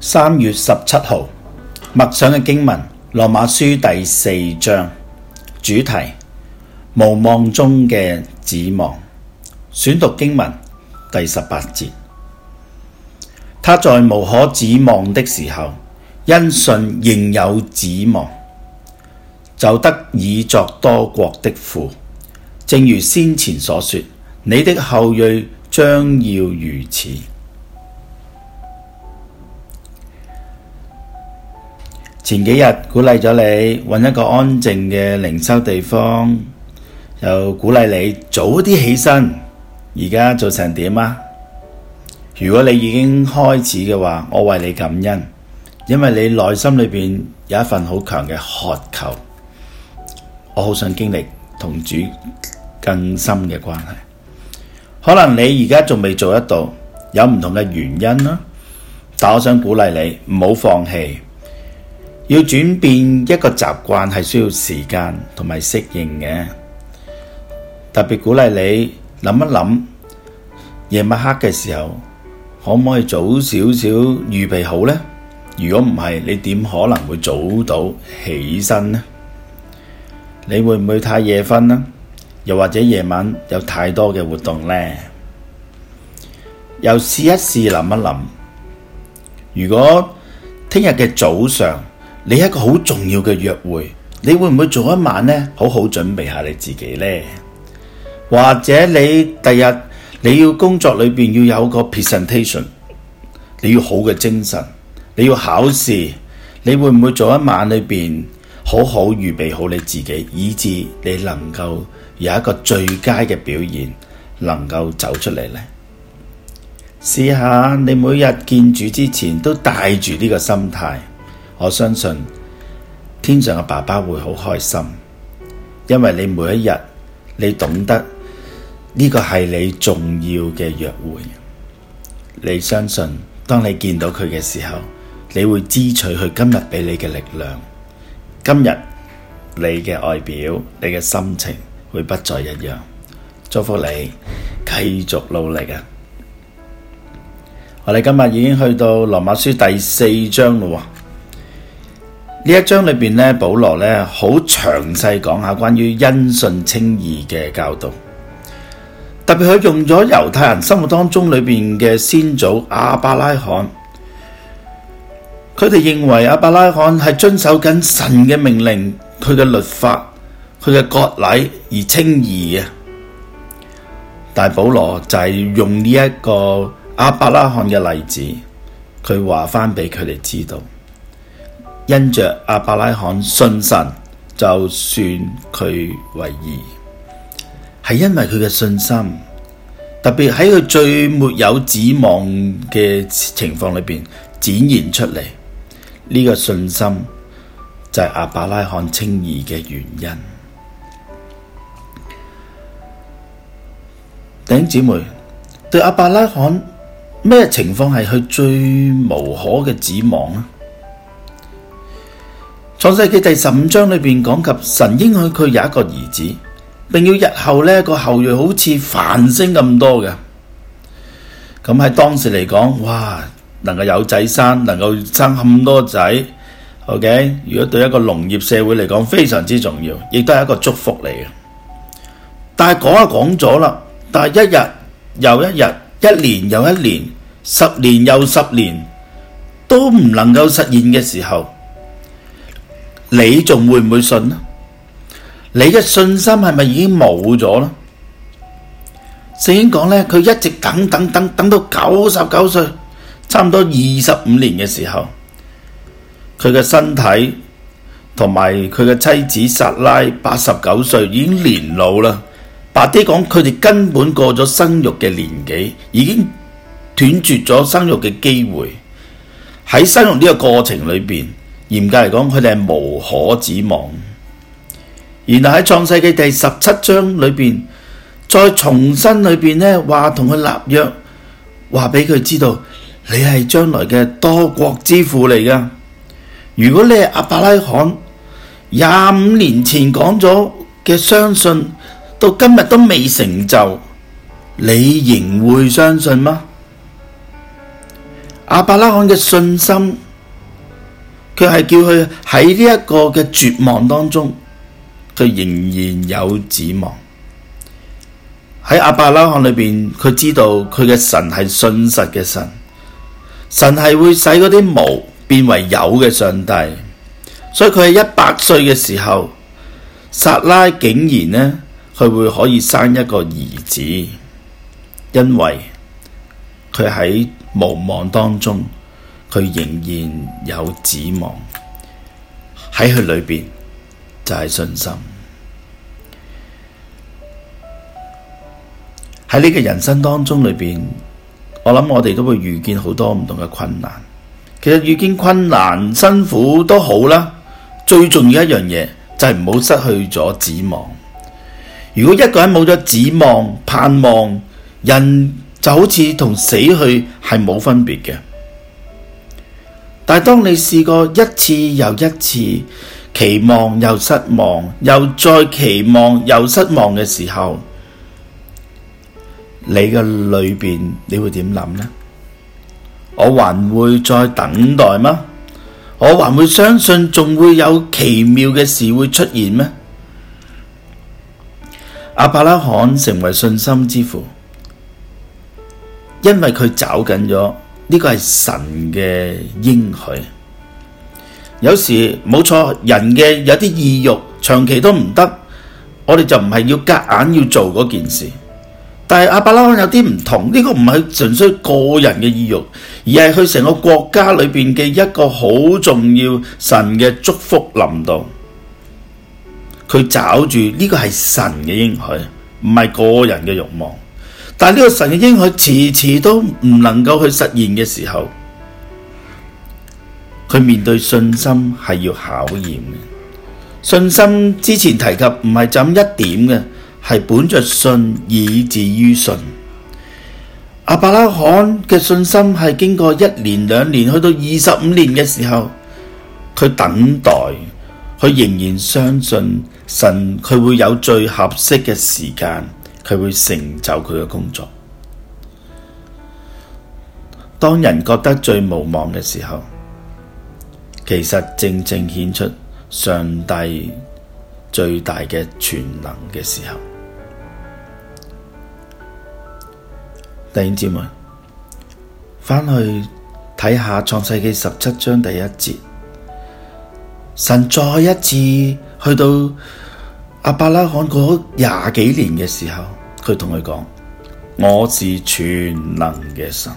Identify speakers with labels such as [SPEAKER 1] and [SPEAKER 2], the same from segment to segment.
[SPEAKER 1] 三月十七號默想嘅經文《羅馬書》第四章，主題無望中嘅指望，選讀經文第十八節。他在無可指望的時候，因信仍有指望，就得以作多國的父。正如先前所說，你的後裔將要如此。前幾日鼓勵咗你，搵一個安靜嘅靈修地方，又鼓勵你早啲起身。而家做成點啊？如果你已經開始嘅話，我為你感恩，因為你內心裏邊有一份好強嘅渴求，我好想經歷同主更深嘅關係。可能你而家仲未做得到，有唔同嘅原因啦。但我想鼓勵你唔好放棄，要轉變一個習慣係需要時間同埋適應嘅。特別鼓勵你諗一諗，夜晚黑嘅時候。可唔可以早少少預備好呢？如果唔係，你點可能會早到起身呢？你會唔會太夜瞓呢？又或者夜晚有太多嘅活動呢？又試一試諗一諗，如果聽日嘅早上你一個好重要嘅約會，你會唔會早一晚呢？好好準備下你自己呢？或者你第日？你要工作裏邊要有個 presentation，你要好嘅精神，你要考試，你會唔會做一晚裏邊好好預備好你自己，以致你能夠有一個最佳嘅表現，能夠走出嚟呢？試下你每日見主之前都帶住呢個心態，我相信天上嘅爸爸會好開心，因為你每一日你懂得。呢個係你重要嘅約會，你相信當你見到佢嘅時候，你會支取佢今日俾你嘅力量。今日你嘅外表、你嘅心情會不再一樣。祝福你，繼續努力啊！我哋今日已經去到羅馬書第四章喇喎。呢一章裏邊咧，保羅咧好詳細講下關於因信稱義嘅教導。特別佢用咗猶太人生活當中裏邊嘅先祖阿伯拉罕，佢哋認為阿伯拉罕係遵守緊神嘅命令、佢嘅律法、佢嘅割禮而稱義嘅。但係保羅就係用呢一個阿伯拉罕嘅例子，佢話翻俾佢哋知道，因着阿伯拉罕信神，就算佢為義。係因為佢嘅信心，特別喺佢最沒有指望嘅情況裏邊展現出嚟呢、這個信心，就係亞伯拉罕稱義嘅原因。弟兄姐妹，對亞伯拉罕咩情況係佢最無可嘅指望呢？創世記第十五章裏面講及神應許佢有一個兒子。定要日後呢個後裔好似繁星咁多嘅，咁喺當時嚟講，哇，能夠有仔生，能夠生咁多仔，OK，如果對一個農業社會嚟講，非常之重要，亦都係一個祝福嚟嘅。但係講一講咗啦，但係一日又一日，一年又一年，十年又十年，都唔能夠實現嘅時候，你仲會唔會信呢？你嘅信心係咪已經冇咗咯？正經講咧，佢一直等等等等到九十九歲，差唔多二十五年嘅時候，佢嘅身體同埋佢嘅妻子撒拉八十九歲已經年老啦。白啲講，佢哋根本過咗生育嘅年紀，已經斷絕咗生育嘅機會。喺生育呢個過程裏邊，嚴格嚟講，佢哋係無可指望。然後喺創世記第十七章裏邊，再重新裏邊呢話同佢立約，話俾佢知道你係將來嘅多國之父嚟㗎。如果你係亞伯拉罕廿五年前講咗嘅相信，到今日都未成就，你仍會相信嗎？亞伯拉罕嘅信心，佢係叫佢喺呢一個嘅絕望當中。佢仍然有指望喺阿伯拉罕裏邊，佢知道佢嘅神係信實嘅神，神係會使嗰啲無變為有嘅上帝，所以佢喺一百歲嘅時候，撒拉竟然呢，佢會可以生一個兒子，因為佢喺無望當中，佢仍然有指望喺佢裏邊。就係信心喺呢個人生當中裏邊，我諗我哋都會遇見好多唔同嘅困難。其實遇見困難，辛苦都好啦，最重要一樣嘢就係唔好失去咗指望。如果一個人冇咗指望，盼望，人就好似同死去係冇分別嘅。但係當你試過一次又一次，期望又失望，又再期望又失望嘅時候，你嘅裏邊你會點諗呢？我還會再等待嗎？我還會相信仲會有奇妙嘅事會出現咩？阿伯拉罕成為信心之父，因為佢找緊咗呢個係神嘅應許。有時冇錯，人嘅有啲意欲，長期都唔得，我哋就唔係要夾硬要做嗰件事。但係阿伯拉罕有啲唔同，呢、這個唔係純粹個人嘅意欲，而係佢成個國家裏邊嘅一個好重要神嘅祝福臨到。佢找住呢、這個係神嘅應許，唔係個人嘅欲望。但係呢個神嘅應許遲遲都唔能夠去實現嘅時候，佢面對信心係要考驗嘅，信心之前提及唔係就咁一點嘅，係本着信以至於信。阿伯拉罕嘅信心係經過一年、兩年，去到二十五年嘅時候，佢等待，佢仍然相信神，佢會有最合適嘅時間，佢會成就佢嘅工作。當人覺得最無望嘅時候，其實正正顯出上帝最大嘅全能嘅時候，弟兄姊妹，翻去睇下創世紀十七章第一節，神再一次去到阿伯拉罕嗰廿幾年嘅時候，佢同佢講：我是全能嘅神。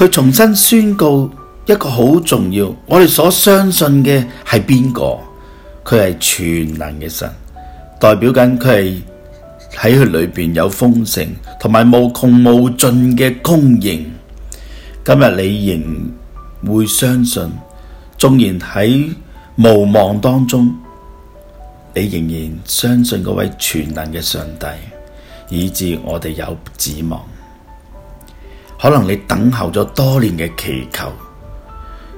[SPEAKER 1] 佢重新宣告一個好重要，我哋所相信嘅係邊個？佢係全能嘅神，代表緊佢係喺佢裏邊有豐盛，同埋無窮無盡嘅供應。今日你仍會相信，縱然喺無望當中，你仍然相信嗰位全能嘅上帝，以致我哋有指望。可能你等候咗多年嘅祈求，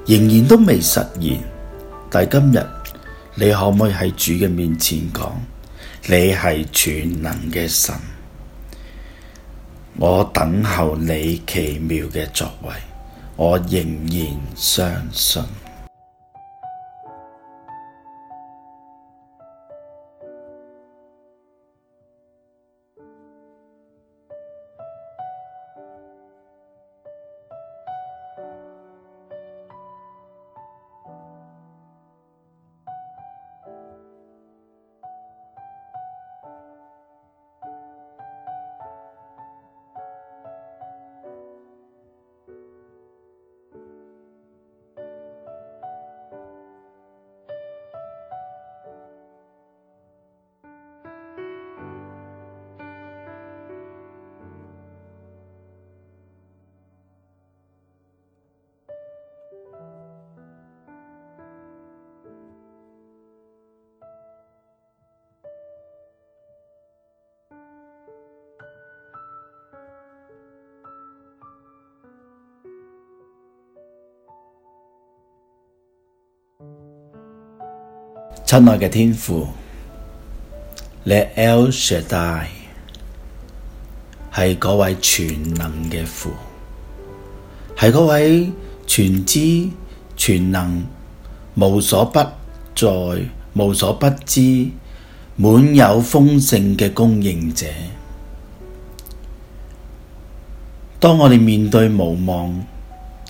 [SPEAKER 1] 仍然都未實現，但今日，你可唔可以喺主嘅面前講，你係全能嘅神？我等候你奇妙嘅作為，我仍然相信。親愛嘅天父，你 El Shaddai 係嗰位全能嘅父，係嗰位全知全能、無所不在、無所不知、滿有豐盛嘅供應者。當我哋面對無望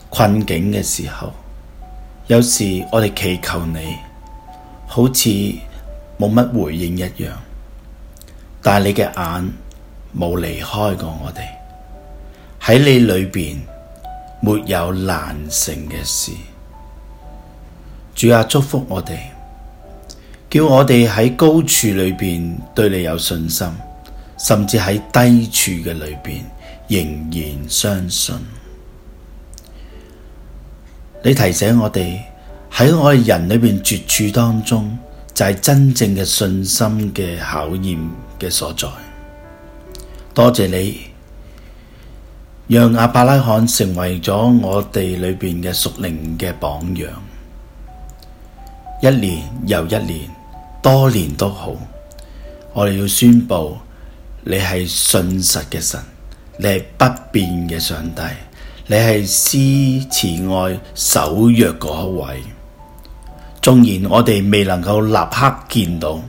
[SPEAKER 1] 困境嘅時候，有時我哋祈求你。好似冇乜回應一樣，但你嘅眼冇離開過我哋。喺你裏邊沒有難成嘅事，主啊，祝福我哋，叫我哋喺高處裏邊對你有信心，甚至喺低處嘅裏邊仍然相信。你提醒我哋。喺我哋人裏邊絕處當中，就係、是、真正嘅信心嘅考驗嘅所在。多謝你，讓阿伯拉罕成為咗我哋裏邊嘅屬靈嘅榜樣。一年又一年，多年都好，我哋要宣布，你係信實嘅神，你係不變嘅上帝，你係施慈愛、守約嗰位。縱然我哋未能夠立刻見到，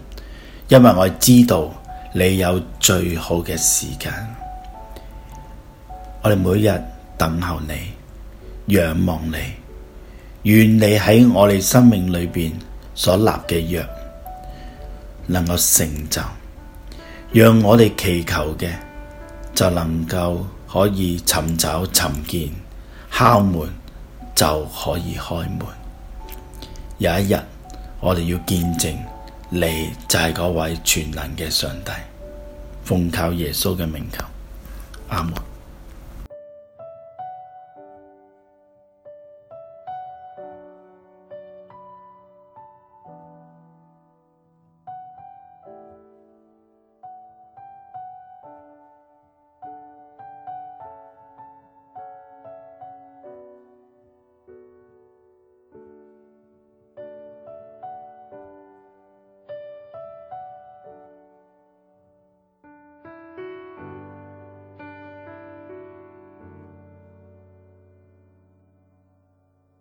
[SPEAKER 1] 因為我知道你有最好嘅時間，我哋每日等候你，仰望你，願你喺我哋生命裏邊所立嘅約，能夠成就，讓我哋祈求嘅就能夠可以尋找尋見，敲門就可以開門。有一日，我哋要見證你，你就係、是、嗰位全能嘅上帝，奉靠耶穌嘅名求，阿門。